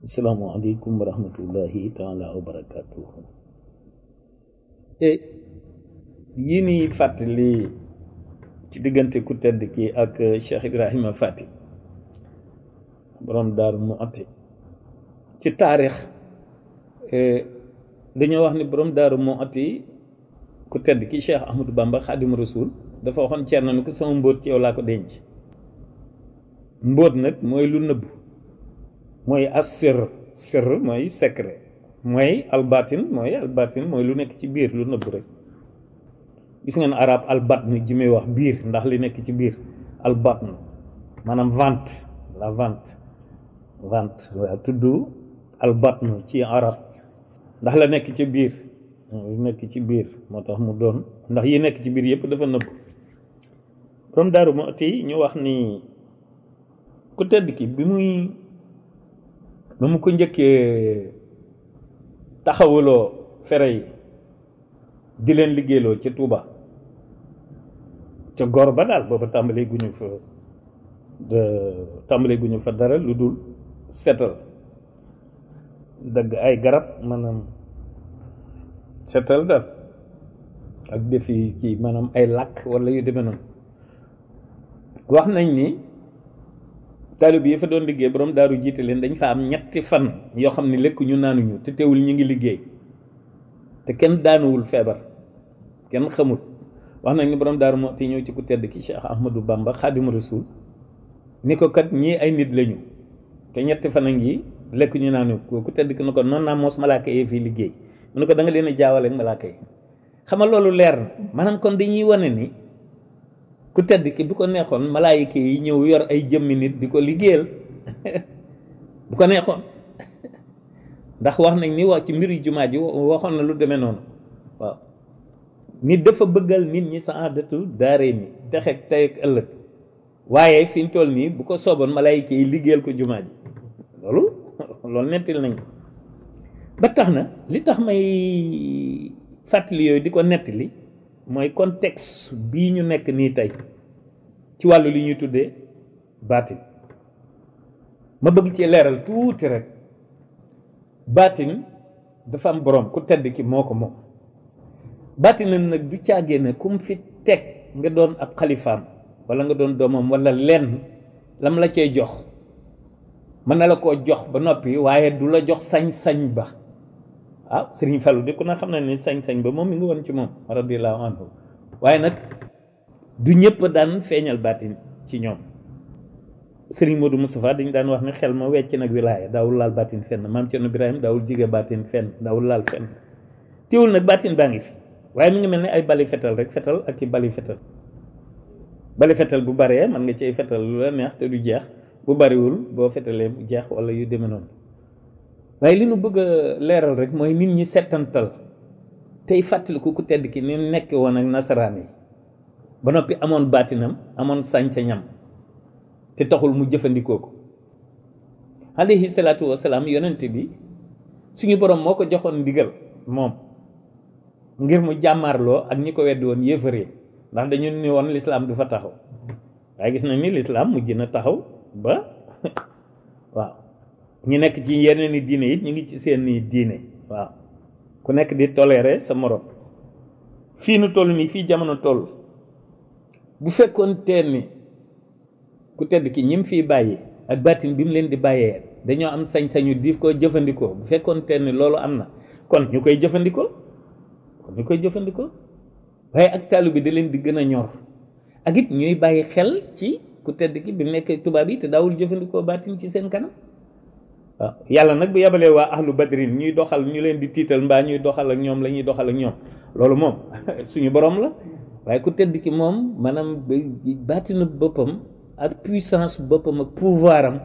Assalamualaikum warahmatullahi taala wabarakatuh. E eh, yini fatali ci digante ku tedd ah, ki ak Cheikh Ibrahim Fati borom mu Muhti ci eh dañu wax ni borom mu Muhti ku tedd ki Cheikh Ahmadou Bamba Khadim Rasoul dafa waxon ceer ko sama mbot ci yow la ko denc mbot nak moy lu neub mooy assir sir mooy secret mooy albatin mooy albatin mooy lu nekk ci biir lu nëbb rek gis ngeen arab albatn ji muy wax biir ndax li nekk ci biir albatn maanaam vent la vent vente waaw tudd albatn ci arab ndax la nekk ci biir lu nekk ci biir moo tax mu doon ndax yi nekk ci biir yëpp dafa nëbb borom daaru ñu wax ni ku tedd ki bi muy nu mu ko njëkkee taxawuloo fere yi di leen liggéeyloo ci Touba ca gor ba daal booba tàmbalee gu ñu fa dara lu dul setal dagg ay garab am setal daal ak defi kii maanaam ay làkk wala yu demee noonu wax nañ ni taalib yi fa doon liggéey borom daaru jiite leen dañ fa am ñetti fan yoo xam ne lekk ñu naanuñu te teewul ñu ngi liggéey te kenn daanuwul feebar kenn xamul wax nañ ni borom daaru moo te ñëw ci ku tedd ki Cheikh Ahmadou Bamba Xaadimu Rasuul ni ko kat ñii ay nit lañu te ñetti fan a ngi lekk ñu naanuñu ku tedd ki na ko noonu naa moos malaaka yi fii liggéey mu ne ko da leen a jaawale ak malaaka yi loolu leer na maanaam kon dañuy wane ni ku tedd ki bu ko neexoon malaayika yi ñëw yor ay jëmmi nit di ko liggéeyal bu ko neexoon ndax wax nañ ni wax ci mbiri jumaa ji waxoon na lu demee noonu waaw nit dafa bëggal nit ñi saadatu daaree ni texeg tey ak ëllëg waaye fi ñu nii bu ko sooboon malaayika yi liggéeyal ko jumaa ji loolu loolu nettil nañ ba tax na li tax may fàttali yooyu di ko nettali mooy contexte bii ñu nekk nii tey ci wàllu li ñuy tuddee baatin ma bëgg ci leeral tuuti rek baatin dafa am borom ku tedd ki moo ko moom baatinam nag du caagee ne kum fi teg nga doon ab xalifaam wala nga doon doomam wala lenn lam la cee jox mën na la ko jox ba noppi waaye du la jox sañ-sañ ba ah Serigne Fallou de ku na xam na ni sañ-sañ ba moom mi ngi woon ci moom radiyallahu anhu waaye nag du ñëpp daan feeñal baatin ci ñoom Serigne Modou Moustapha dañ daan wax ni xel ma wecc nag wilaaya daawul laal baatin fenn maam Thierno Ibrahim daawul jige baatin fenn daawul laal fenn teewul nag baatin baa ngi fi waaye mi ngi mel ni ay bali fetal rek fetal ak i bali fetal bali fetal bu baree man nga cay fetal lu la neex te du jeex bu bariwul boo fetalee bu jeex wala yu demee noonu waaye li nu bëgg leeral rek mooy nit ñi setantal tey fàttaliku ku tedd ki ni nekkee woon ak nasaraan yi ba noppi amoon baatinam amoon sañ te taxul mu jëfandikoo ko alayhi salaatu wasalaam yonent bi suñu borom moo ko joxoon ndigal moom ngir mu jàmmaarloo ak ñi ko wedd woon yéefare ndax dañu ni woon lislaam du fa taxaw waaye gis na ni lislaam mujj na taxaw ba waaw ñu nekk ci yeneen i diine it ñu ngi ci seen i diine waaw ku nekk di toléré sa morom fii nu toll nii fii jamono toll bu fekkoon teen ni ku tedd ki ñim fi bàyyi ak baatin bi mu leen di bàyyee dañoo am sañ-sañu di ko jëfandikoo bu fekkoon teen ni loolu am na kon ñu koy jëfandikoo kon ñu koy jëfandikoo waaye ak taalu bi da leen di gën a ñor ak it ñuy bàyyi xel ci ku tedd ki bi mu nekk tubaab yi te daawul jëfandikoo baatin ci seen kanam waaw yàlla nag bu yebalee waa ahlu badrin ñuy doxal ñu leen di tiital mbaa ñuy doxal ak ñoom lañuy ñuy doxal ak ñoom loolu moom suñu borom la waaye ku tedd ki moom maanaam baatina boppam ak puissance boppam ak pouvoir am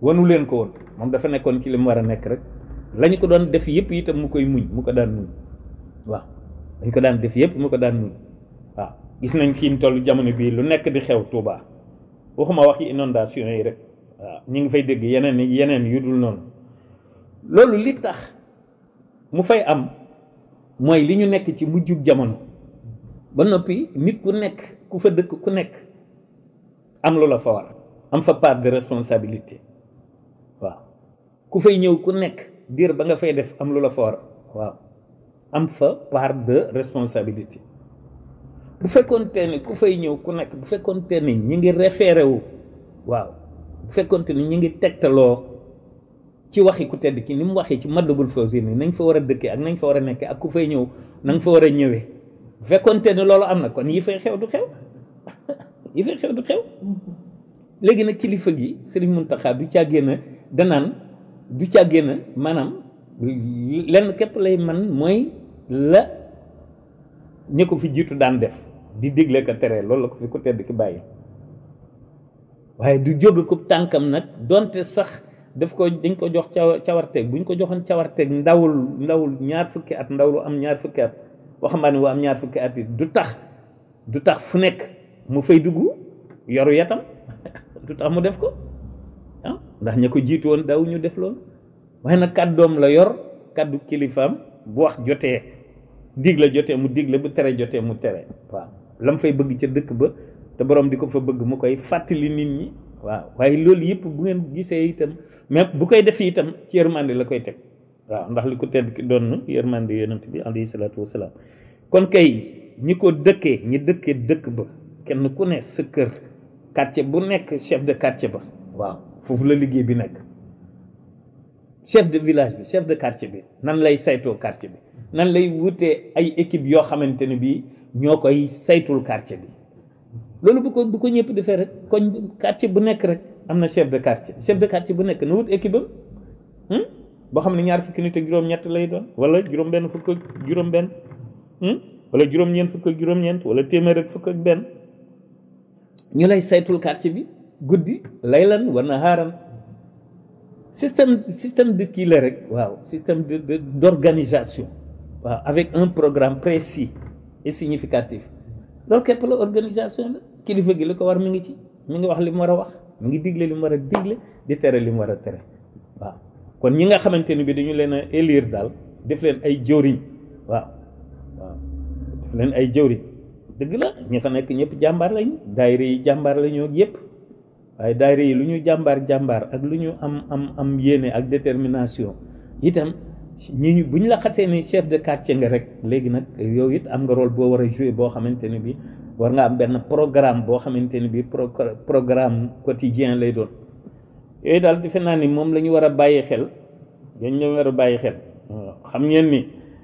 wanu leen ko woon moom dafa nekkoon ci li war a nekk rek lañu ko doon def yëpp itam mu koy muñ mu ko daan muñ waaw dañ ko daan def yëpp mu ko daan muñ waaw gis nañ fi mu toll jamono bii lu nekk di xew Touba waxuma waxi inondation yi rek waaw ñu ngi fay dégg yeneen yeneen yu dul noonu loolu li tax mu fay am mooy li ñu nekk ci mujjug jamono ba noppi nit ku nekk ku fa dëkk ku nekk am lu la fa war am fa part de responsabilité waaw fay ñëw ku nekk diir ba nga fay def am lu la fa fa part de responsabilité bu fekkoon te ku fay ñëw ku nekk bu fekkoon te ne ñi ngi référé waaw bu fekkoonte ni ñu ngi tegtaloo ci waxi ku tedd ki ni mu waxee ci Matlabul Fawzayni nañ fa war a dëkkee ak nañ fa war a nekkee ak ku fay ñëw na nga fa war a ñëwee bu fekkoonte ni loolu am na kon yi fay xew du xew yi fay xew du xew léegi nag kilifa gi Serigne Mountakha du càggee na danaan du càggee na maanaam lenn képp lay man mooy la ñu ko fi jiitu daan def di digle ko tere loolu la ko fi ku tedd ki bàyyi waaye du jóge ku tànkam nag donte sax daf ko dañ ko jox cawarteeg buñ ko joxoon cawarteeg ndawul ndawul ñaar fukki at ndaw lu am ñaar fukki at waxambaane wu ñaar fukki at it du tax du tax fu nekk mu fay dugg yoru yatam du tax mu def ko ah, ndax ña ko jiitu woon daw ñu def wax na nag doom la yor kàddu kilifaam bu wax jotee digle la jotee mu digle la bu tere jotee mu tere waaw lam fay bëgg ca dëkk ba te borom di ko fa bëgg mu koy fàttali nit ñi waaw waaye loolu yëpp bu ngeen gisee itam mais bu koy def itam ci yërmande la koy teg waaw ndax li ko tedd ki doon yërmande yonent bi alayhi salaatu wasalaam kon kay ñi ko dëkkee ñi dëkkee dëkk ba kenn ku ne sa kër quartier bu nekk chef de quartier ba waaw foofu la liggéey bi nekk chef de village bi chef de quartier bi nan lay saytoo quartier bi nan lay wutee ay équipe yoo xamante ne bii ñoo koy saytul quartier bi loolu ko bu ko ñëpp rek quartier bu rek chef de quartier chef de quartier bu nekk na wut équipe am hmm? boo xam ne ñaar fukki nit ak ñett lay doon wala fukk wala fukk wala fukk ak hmm? ñu lay saytul quartier bi war na système de kii rek système de d'organisation avec un programme précis et significatif loolu képp la organisation kilifa gi li ko war mu ngi ci mu ngi wax li mu war a wax mu ngi digle li mu war a digle di tere li mu war a tere waaw kon ñi nga xamante ni bi dañu leen a élire daal def leen ay jóoriñ waaw waaw def leen ay jëwriñ dëgg la ñu fa nekk ñëpp jàmbaar lañ daayira yi jàmbaar la yépp yëpp waaye daayira yi lu ñu jàmbaar jàmbaar ak lu ñu am am am yéene ak détermination itam ñu bu ñu la xasee ni chef de quartier nga rek léegi nag yow it am nga rôle boo war a jouer boo xamante ni bi war nga am benn programme boo xamante ni bii programme quotidien lay doon yooyu daal defe naa ni moom la war a bàyyi xel dañ ñoo war a bàyyi xel xam ngeen ni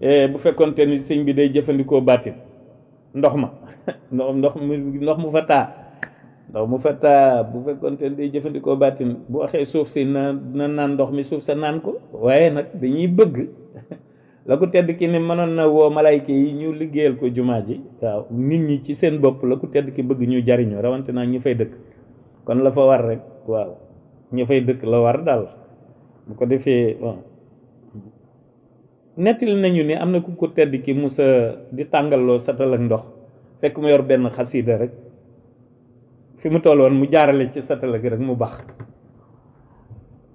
eh, bu fekkonte ni sëñ bi day jëfandikoo baatin ndox ma ndox ndox mu ndox mu fa taa ndox mu fa taa bu fekkonte ni day jëfandikoo bàttin bu waxee suuf si na na naan ndox mi suuf sa naan ko waaye nag dañuy bëgg la ko tedd ki ne mënoon na woo malayka yi ñu liggéeyal ko jumaa ji waaw nit ñi ci seen bopp la ko tedd ki bëgg ñu jariñu rawante naa ñu fay dëkk kon la fa war rek waaw ñu fay dëkk la war daal mu ko defee bon nañu ni am na ku ko tedd ki sa di tàngalloo satal ndox fekk mu yor benn xasiida rek fi mu toll woon mu jaarale ci satala gi rek mu baax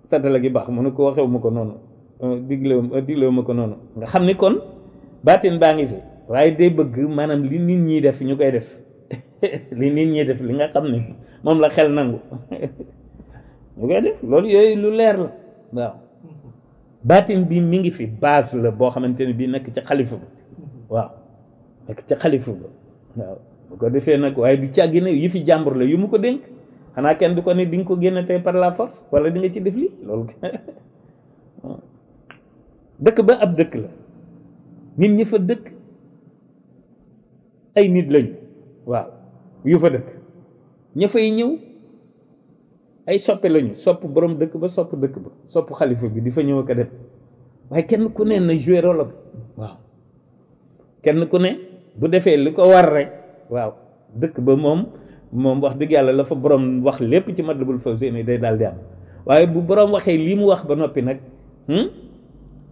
satala gi baax mu ne ko waxew ma ko noonu diglewuma diglewuma euh, ko noonu nga xam ni kon Batin baa ngi fi waaye day bëgg maanaam li nit ñi def ñu def li nit ñi def li nga xam ne la xel nangu ñu koy def loolu yooyu lu leer la waaw baatin bi mi ngi fi base la boo xamante ne bii nekk ci xalifa ba waaw nekk ci xalifa ba waaw bu ko defee nag waaye du càggi ne yi fi jàmbur la yu mu ko dénk xanaa kenn du ko ne di ko génne tey par la force wala di nga ci def li loolu dëkk ba ab dëkk la nit ñi fa dëkk ay nit lañu waaw yu fa dëkk ña fay ñëw ay soppe lañu sopp boroom dëkk ba sopp dëkk ba sopp xalifa bi di fa ñëw ak dem waaye kenn ku ne na joué rôle ku ne bu defee li ko war rek waaw dëkk ba moom moom wax dëgg yàlla la fa borom wax lépp ci Matlabul Fawzayni day daal di am waaye bu borom waxee lii mu wax ba noppi nag. Hmm?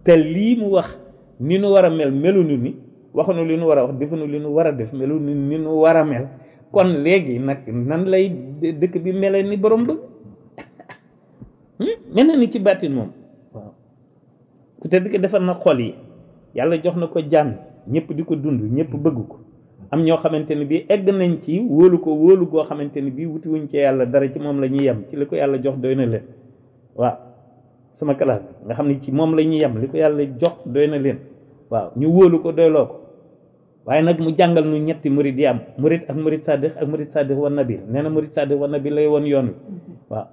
te lii mu wax ni nu war a mel melunu ni waxunu li nu war a wax defunu li nu war a def melunu ni nu war a mel kon léegi nag nan lay dëkk bi mele ni borom bëgg hmm? mel na ni ci bàttin moom waaw ku tedd ki defar na xol yi yàlla jox na ko jàmm ñëpp di ko dund ñëpp bëgg ko am ñoo xamante ni bii egg nañ ci wóolu ko wóolu goo xamante ni bii wuti wuñ ci yàlla dara ci moom la ñuy yem ci li ko yàlla jox doy na leen waaw sama kelas nga xamni ci mom lañuy yam liko yalla jox doyna na waaw ñu wolu ko doylo ko waye nag mu jangal nu ñetti murid yam murid ak murid sadiq ak murid sadiq wa nabi neena murid sadiq wa nabi lay won yoon mm-hmm. waaw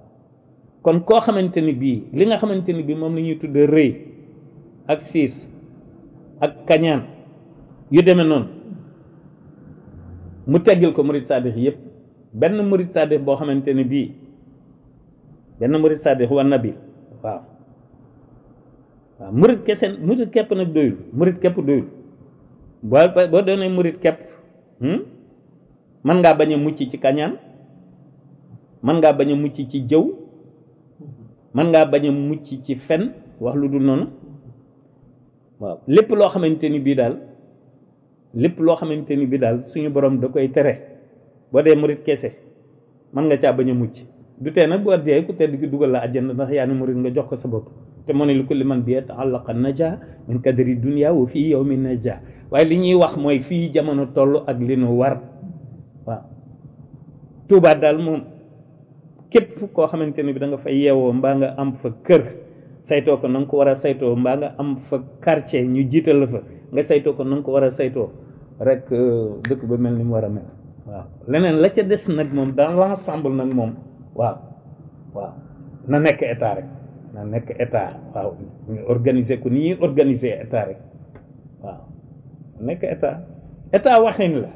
kon ko xamanteni bi bi li nga xamanteni bi mom lañuy tudde reuy ak sis ak kanyan yu deme non mu teggil ko murid sadiq yeb ben murid sadiq bo xamanteni bi ben murid sadiq wa nabi waaw waa murit kese murit képp nag doyul murit képp doyul boo boo doonee murit képp hmm? mën ngaa bañ a mucc ci kañaan mën ngaa bañ a mucc ci jëw mën ngaa bañ a mucc ci fen wax lu dul noonu waaw lépp loo xamante ni bii daal lépp loo xamante ni bii daal suñu borom da koy tere boo dee murit kese man nga caa bañ a mucc du nag boo dee ku tedd ki dugal la àjjana ndax yaa ni murit nga jox ko sa bopp te mo ne lu kulli man bi ta'allaqa naja min kadri dunya wa fi yawmin naja waaye li ñuy wax mooy fii jamono ak li nu war waaw tuba dal moom képp koo xamante ni bi da nga fa yeewoo mbaa nga am fa kër saytoo ko na ko war a saytoo nga am fa quartier ñu la fa nga ko ko rek dëkk ba mel mu war mel waaw leneen la ca des nag dans na rek na nekk état waaw ñu organiser ko ni ñuy organiser état rek waaw nekk état état waxin la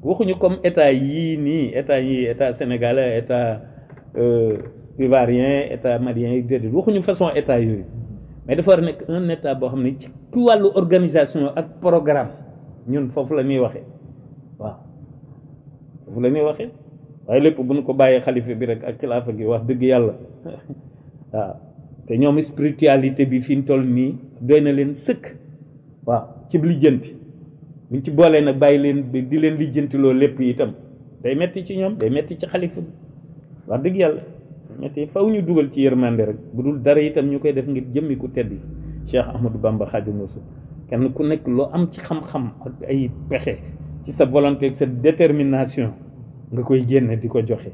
waxuñu comme état yii nii état yii état sénégalais état euh, ivoirien état malien yi déedéet waxuñu façon état yooyu mais dafa war nekk un état boo xam ne ci ki wàllu organisation ak programme ñun foofu la ñuy waxee waaw foofu la ñuy waxee waaye lépp bu ñu ko bàyyee xalifa bi rek ak xilaafa gi wax dëgg yàlla waaw te ñoom spiritualité bi fiñ toll nii doy na leen sëkk waaw ci lijjanti buñ ci boolee nag bàyyi leen di leen lijjanti loo lépp itam day metti ci ñoom day metti ci xalifa bi wax dëgg yàlla metti faw ñu dugal ci yërmande rek bu dul dara itam ñu koy def ngir jëmmi ku tedd cheikh ahmadou bamba xaadimu rasul kenn ku nekk loo am ci xam-xam ak ay pexe ci sa volonté ak sa détermination nga koy génne di ko joxe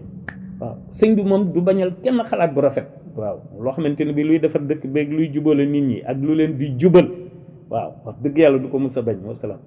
waaw sëñ bi moom du bañal kenn xalaat bu rafet waaw loo xamante ne bi luy defar dëkk beeg luy jubale nit ñi ak lu leen di jubal waaw wax dëgg yàlla du ko mës a bañ wasalaam